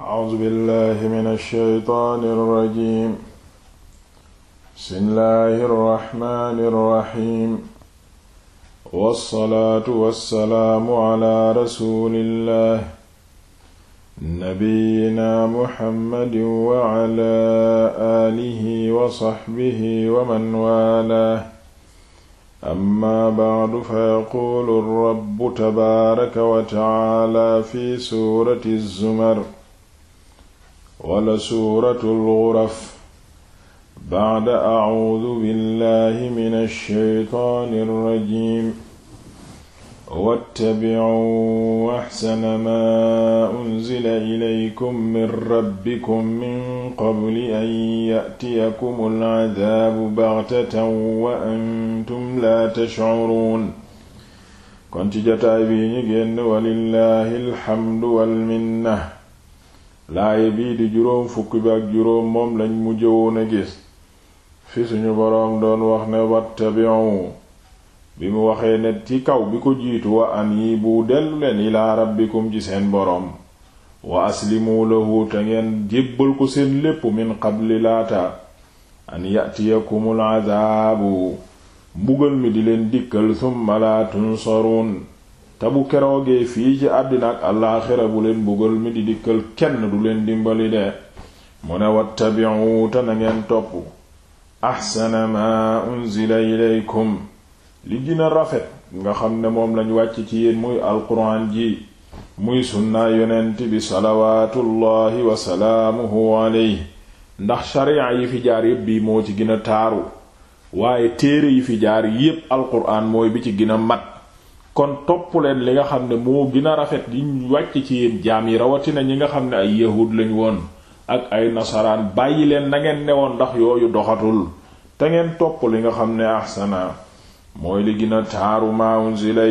A'uuzu billaahi mina shaytaani rajiim. Bismillaahi rahmaani rahiim. Wassalaatu wassalaamu alaa rasuulillaahi. Nabiyyinaa Muhammadin wa alaa aalihi wa sahbihi wa man waalaahu. Amma ba'du fayaquulu rabbu tabaaraka wa ta'aalaa fi suurati zumar. wala suuratul ghuraf ba'da a'uudu billahi minash shaytaanir rajiim wattabi'uu ahsana maa unzila ilaykum min rabbikum min qabli an ya'tiyakumul 'adhaabu baghtatan wa antum laa tash'uruun kon ci jotaay bi ñu génn walillahi alhamdu wal minna laaye bii di juróom fukki bi ak juróom moom lañ mujje woon a gis fi suñu boroom doon wax ne wattabi'u bi mu waxee ne ci kaw bi ko jiitu wa an yi bu dellu leen ilaa rabbikum ci seen boroom wa aslimu lahu te ngeen jébbal ko seen lépp min qabli laata an ya'tiyakumul azaabu mbugal mi di leen dikkal summa laa tunsaruun te bu keroogee fii ci àddina ak alaaxira bu leen bugal mi di dikkal kenn du leen dimbali de mu ne wattabi'u te na ngeen topp ahsana ma unzila ilaykum li gina rafet nga xam ne moom lañu wàcc ci yéen muy alquran ji muy sunnaa yonent bi salawaatullahi wa salaamuhu alayhi ndax sharia yi fi jaar yépp bi moo ci gën a taaru waaye téere yi fi jaar yépp alquran mooy bi ci gën a mat kon topp leen li nga xam ne moo gina a rafet ñu wàcc ci yéen jaam yi rawatina ñi nga xam ne ay yahud lañ woon ak ay nasaraan bàyyi leen na ngeen ndax yooyu doxatul te ngeen topp li nga xam ne ahsana mooy li gën a taaru ma unzila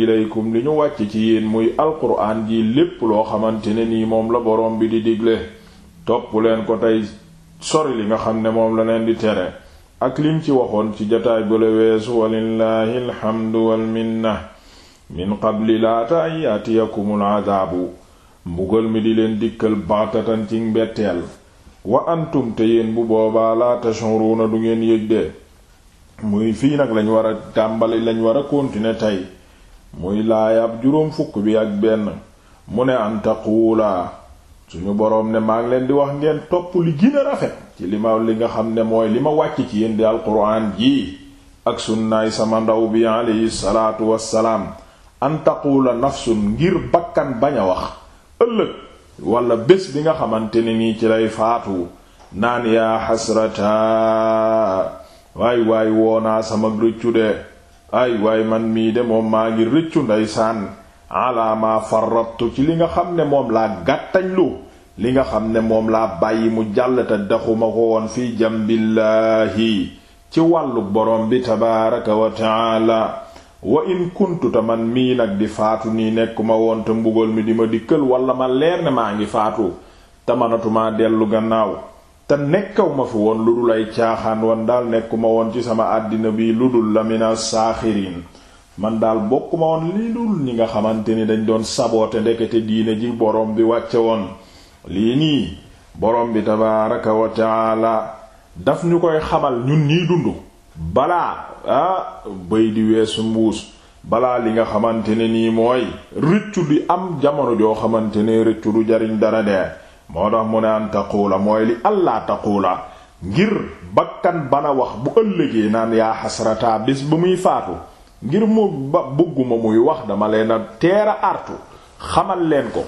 ilaykum li ñu wàcc ci yéen muy alquran ji lépp loo xamante ne nii moom la boroom bi di digle topp leen ko tey sori li nga xam ne moom la leen di tere ak lim ci waxoon ci jataay bu la weesu walillahi alhamdu wal min qabli laata an yaatiyakumul adaabu mbugal mi di leen dikkal baxtatan ci mbetteel wa antum te yéen bu boobaa laa tashuruna du ngeen yëg de muy fii nag lañ war a tàmbali lañ war a continuer tey muy laayab juróom fukk bi ak benn mu ne an taquulaa suñu boroom ne maa ngi leen di wax ngeen topp li gën rafet ci li li nga xam ne mooy li ma wàcc ci yéen di alquran jii ak sunnaay sama ndaw bi alayhi salaatu an taqula nafsun ngir bakkan bañ a wax ëllëg wala bés bi nga xamante ne nii ci lay faatu naan yaa xasrata waay waay woonaa sama rëccu de ay waay man mii de moom maa ngi rëccu ndeysaan ala ma farrattu ci li nga xam ne moom laa gàttañlu li nga xam ne moom laa bàyyi mu jàll te dexuma ko woon fii jambillaahi ci wàllu borom bi tabaaraka wa taala wa in kuntu te man mii nag di faatu nii nekkuma woon te mbugal mi di ma dikkal walla ma leer ne maa ngi faatu te manatumaa dellu gannaaw te nekkaw ma fi woon lu dul ay caaxaan wan daal nekkuma woon ci sama àddina bi lu dul lamina saaxiriin man daal bokkuma woon li dul ñi nga xamante ni dañ doon saboote ndekete diine ji boroom bi wàcce woon lii nii borom bi tabaaraka wa taala daf ñu koy xamal ñun nii dund balaa ah bëy di weesu mbuus balaa li nga xamante ne nii mooy rëccu di am jamono joo xamante ne rëccu du jariñ dara de moo tax mu ne an taquula mooy li allah taquula ngir bakkan bana wax bu ëllëgee naan yaa xasrataa bis ba muy faatu ngir mu bëgguma muy wax dama leen a teera artu xamal leen ko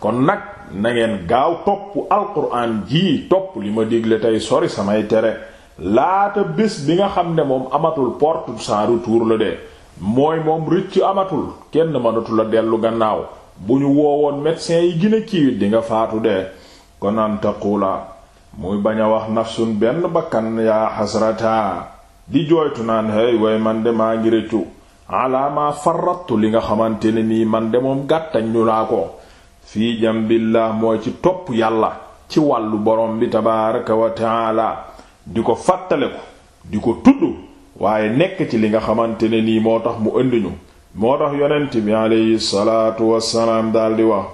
kon nag na ngeen gaaw topp alquran jii topp li ma digle tey sori samay tere laata bés bi nga xam ne moom amatul porte sans retour la de mooy moom rëcc amatul kenn mënatu la dellu gannaaw bu ñu woowoon médecin yi gën a di nga faatu de kon an taqula muy bañ a wax nafsun benn bakkan yaa xasrataa di jooytu naan hey way man de maa ngi rëccu alaamaa farattu li nga xamante ne nii man de moom gàttañ ñu laa ko fii jambillah mooy ci topp yàlla ci wàllu borom bi tabaaraka wa taala di ko fàttaliku di ko tudd waaye nekk ci li nga xamante ne nii moo tax mu ëndi ñu moo tax yonent bi aleyhi salaatu wassalaam daldi wax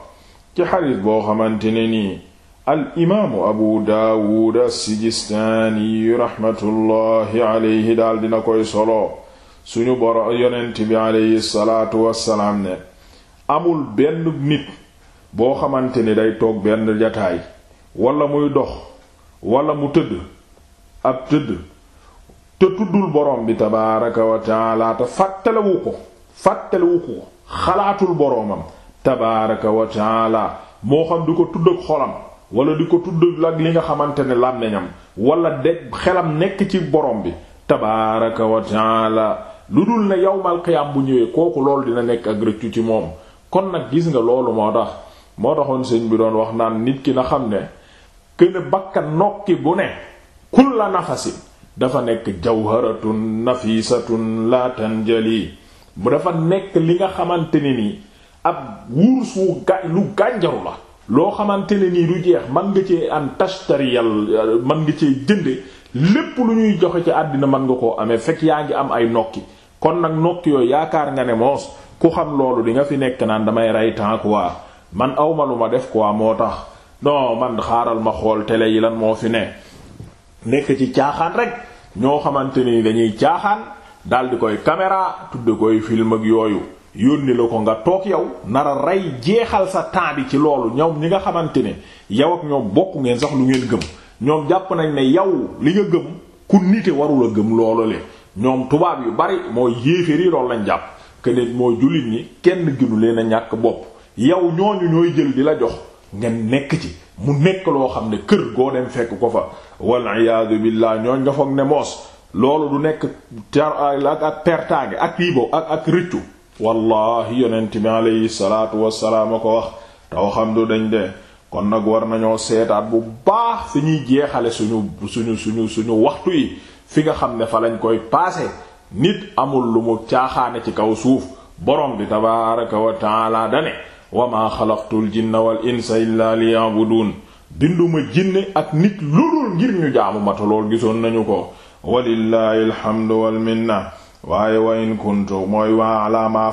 ci xadis boo xamante ne nii al imaamu abu daawud as-sijistaani raxmatullaahi aleyhi daldi na koy solo suñu boro yonent bi aleyhi salaatu wassalaam ne amul benn nit boo xamante ni day toog benn jataay walla muy dox walla mu tëdd ab tëdd te tuddul borom bi tabaaraka wa taala te fàttalewu ko fàttalewu ko xalaatul boromam tabaaraka wa taala moo xam du ko tudd ak xolam wala di ko tudd ak li nga xamante ne làmmiñam wala de xelam nekk ci borom bi tabaaraka wa taala lu dul ne yawmal qiyaam bu ñëwee kooku loolu dina nekk ak rëccu ci moom kon nag gis nga loolu moo tax moo taxoon sëñ bi doon wax naan nit ki na xam ne këne bakkan nokki bu ne kulla nafasin dafa nekk jawharatun nafisatun la tanjali bu dafa nekk li nga xamante ne nii ab wurus wu ga lu gànjaru la loo xamante ne nii du jeex man nga cee am tashtariyal man nga cee jënde lépp lu ñuy joxe ci àddina mën nga koo amee fekk yaa ngi am ay nokki kon nag nokki yooyu yaakaar nga ne moos ku xam loolu di nga fi nekk naan damay rey temps waa man awma lu ma def quoi moo tax non man xaaral ma xool télé yi lan moo fi ne nekk ci caaxaan rek ñoo xamante ni dañuy caaxaan daldi koy caméra tudd koy film ak yooyu yónni la ko nga toog yow nara rey jeexal sa temps bi ci loolu ñoom ñi nga xamante ne yow ak ñoom bokk ngeen sax lu ngeen gëm ñoom jàpp nañ ne yow li nga gëm ku nite warul a gëm loolu le ñoom tubaab yu bari mooy yéeféer yi lañ jàpp que moo mooy jullit ñi kenn ginu leen ñàkk bopp yow ñooñu ñooy jël di la jox ngeen nekk ci mu nekk loo xam ne kër goo dem fekk ko fa wal iyaadu billah ñooñ nga foog ne moos loolu du nekk jar ak ak pertaange ak yibo ak ak rëccu wallahi yonent bi aleyhi salaatu wassalaam a ko wax taw xam du dañ de kon nag war nañoo seetaat bu baax fi ñuy jeexale suñu suñu suñu suñu waxtu yi fi nga xam ne fa lañ koy paase nit amul lu mu caaxaane ci kaw suuf borom bi tabaaraka wa taala dane wa maa xalaqtul jinna wal insa illaa liya'buduun binduma jinne ak nit lulul ngir ñu jaamu mata lool gisoon nañu ko walillaahi alhamdu wal minna waaye wa in kuntu mooy waa alaa maa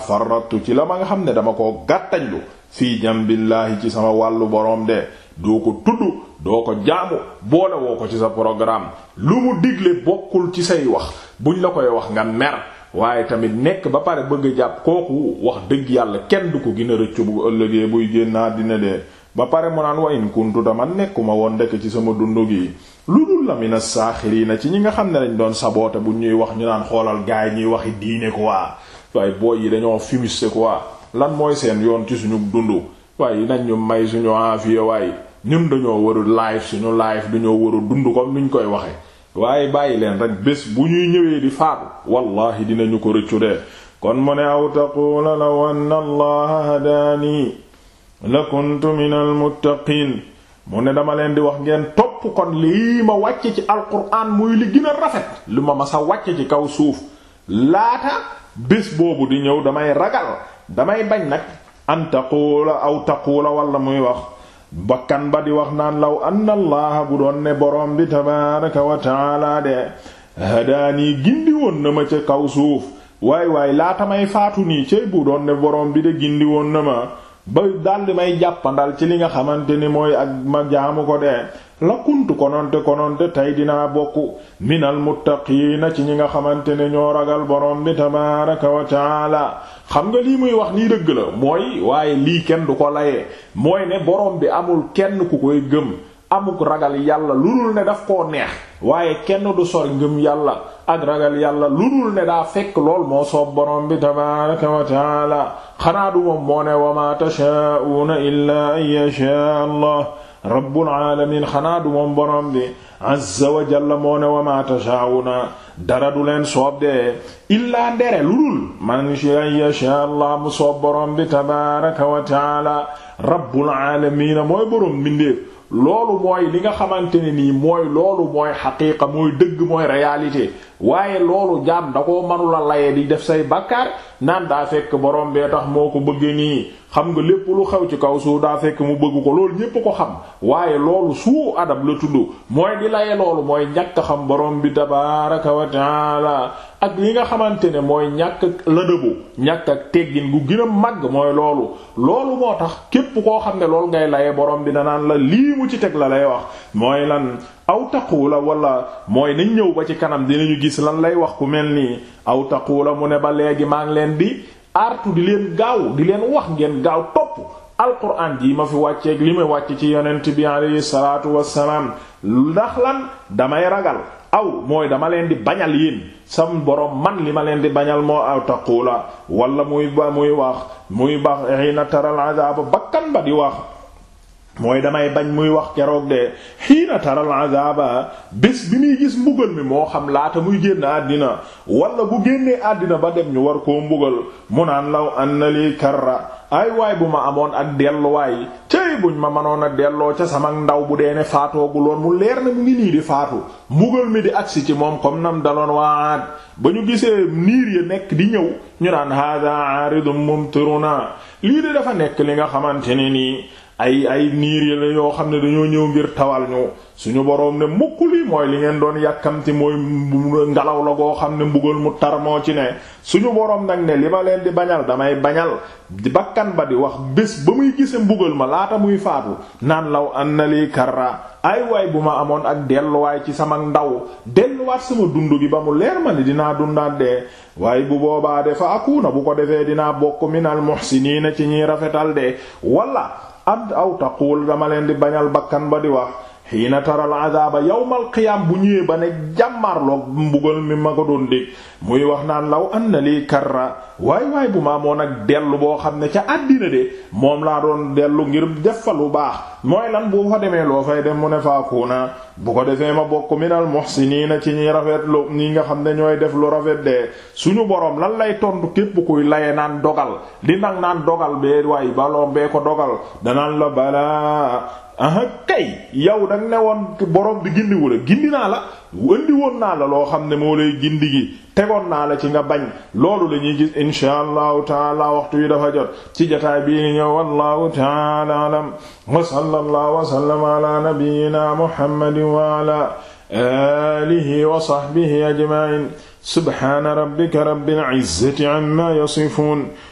ci la ma nga xam ne dama koo gàttañlu fii jambillaahi ci sama wàllu borom de doo ko tudd doo ko jaamu boole woo ko ci sa programme lu mu digle bokkul ci say wax buñ la koy wax nga mer waaye tamit nekk ba pare bëgg jàpp kooku wax dëgg yàlla kenn du ko gën a rëccu bu ëllëgee buy génnaa dina dee ba pare mu naan wa in kuntu dama nekkuma woon ndekk ci sama dundu gi lu dul la mina saaxiriina ci ñi nga xam ne dañ doon saboote bu ñuy wax ñu naan xoolal gaay ñuy waxi diine waa waaye booy yi dañoo fumiste quoi lan mooy seen yoon ci suñu dundu waaye nañ ñu may suñu envie waaye ñun dañoo war a suñu live dañoo war a dund comme niñ koy waxe waaye bàyyi leen rek bés bu ñuy ñëwee di faatu wallahi ñu ko rëccu de kon mu ne aw taquula la anna allaha hadaani la kuntu minal muttaqiin mu ne dama leen di wax ngeen topp kon lii ma wàcce ci alquraan muy li gën a rafet lu ma masa wàcce ci kaw suuf laata bés boobu di ñëw damay ragal damay bañ nag an taquula aw taquula walla muy wax bakkan ba di wax naan law anna bu doon ne borom bi tabaaraka wa taala de hadaani gindi woon na ma ca kaw suuf waay waay laata may faatu nii cey bu doon ne boroom bi de gindiwoon na ma ba daldi may jàppandal ci li nga xamante ni mooy ak ma jaamu ko de la kuntu kononte kononte tey dinaa bokk minal muttaqiina ci ñi nga xamante ne ñoo ragal borom bi tabaaraka wa taala xam nga lii muy wax nii dëgg la mooy waaye lii kenn du ko layee mooy ne borom bi amul kenn ku koy gëm amuk ragal yàlla lu dul ne daf koo neex waaye kenn du sori ngëm yàlla ak ragal yàlla lu dul ne daa fekk lool moo soob borom bi tabaaraka wa taala xanaa du moom moo ne wa maa tashaa'uuna illaa an yashaa Allah rabbul alamin xanaa du moom borom bi azza wa jalla wa ma tashauna dara du leen soob de illaa ndere lulul man yasha allah mu soob borom bi tabaraka wa taala rabbul alamin mooy borom mbindeef loolu mooy li nga xamante ne nii mooy loolu mooy xaqiiqa mooy dëgg mooy réalité waaye loolu jaam da ko manula laye di def say bàkkaar naan daa fekk borom bee tax moo ko bëgg nii xam nga lépp lu xew ci kaw suuf daa fekk mu bëgg ko loolu ñépp ko xam waaye loolu suu adab la tudd mooy di laye loolu mooy ñàkk xam borom bi tabaaraka wa taala ak li nga xamante ne mooy ñàkk lëdëbu ñàkk ak teggin gu gën a màgg mooy loolu loolu moo tax képp koo xam ne loolu ngay laye borom bi danaan la lii mu ci teg la lay wax mooy lan aw la wala mooy nañ ñëw ba ci kanam dinañu gis lan lay wax ku mel nii aw la mu ne ba léegi maa ngi leen di artu di leen gaaw di leen wax ngeen gaaw topp alquran jii ma fi wàcceeg li may wàcc ci yonent bi alayhi salaatu wassalaam ndax lan damay ragal aw mooy dama leen di bañal yéen sam borom man li ma leen di bañal moo aw taquula wala muy ba muy wax muy bax xiina taral adaaba bakkan ba di wax mooy damay bañ muy wax keroog de xiina taral azaba bés bi muy gis mbugal mi moo xam laata muy génn àddina walla bu génnee àddina ba dem ñu war koo mbugal mu naan law anna li karra ay waay bu ma amoon ak delluwaay cey buñ ma mënoon a delloo ca sama ndaw bu dee ne faatooguloon mu leer na mu ngi nii di faatu mbugal mi di agsi ci moom comme nam daloon waa aad ba ñu gisee niir yi nekk di ñëw ñu naan hada aaridum mumtiruna lii de dafa nekk li nga xamante ne nii ay ay niir yi la yoo xam ne dañoo ñëw ngir tawal ñu suñu boroom ne mukk li mooy li ngeen doon yàkkamti mooy ngelaw la goo xam ne mbugal mu tar moo ci ne suñu boroom nag ne li ma leen di bañal damay bañal bakkan ba di wax bés ba muy gise mbugal ma laata muy faatu naan law an na lii karra ay waay bu ma amoon ak delluwaay ci sama ndaw delluwaat sama dund gi ba mu leer ma ne dinaa dundaat dee waaye bu boobaa de fa akuna bu ko defee dinaa bokk minal muhsiniina ci ñiy rafetal de walla ad aw taquul dama leen di bañal bakkan ba di wax xiina taral adaaba yawmal qiyaam bu ñëwee ba ne jàmmarloog mbugal mi ma ko doon dégg muy wax naan law an na lii karra waay waay bu ma amoon ak dellu boo xam ne ca àddina de moom laa doon dellu ngir def fa lu baax mooy lan boo fa demee loo fay dem mu ne faakuuna bu ko defee ma bokk minal muhsiniina ci ñi rafet lu ñi nga xam ne ñooy def lu rafet de suñu boroom lan lay tontu képp kuy laye naan dogal di nag naan dogal bee waay balom bee ko dogal danaan aha kay yow danga ne woon borom bi gindiwu la gindi naa la wëndi woon naa la loo xam ne moo lay gindi gi tegoon naa la ci nga bañ loolu la ñuy gis insha allahu taala waxtu yi dafa jot ci jotaay bii ni ñëw wallahu taala alam wa sallallahu wa sallama ala nabiyyina muhammadin wa ala alihi wa sahbihi ajma'in subhana rabbika rabbil izzati amma yasifun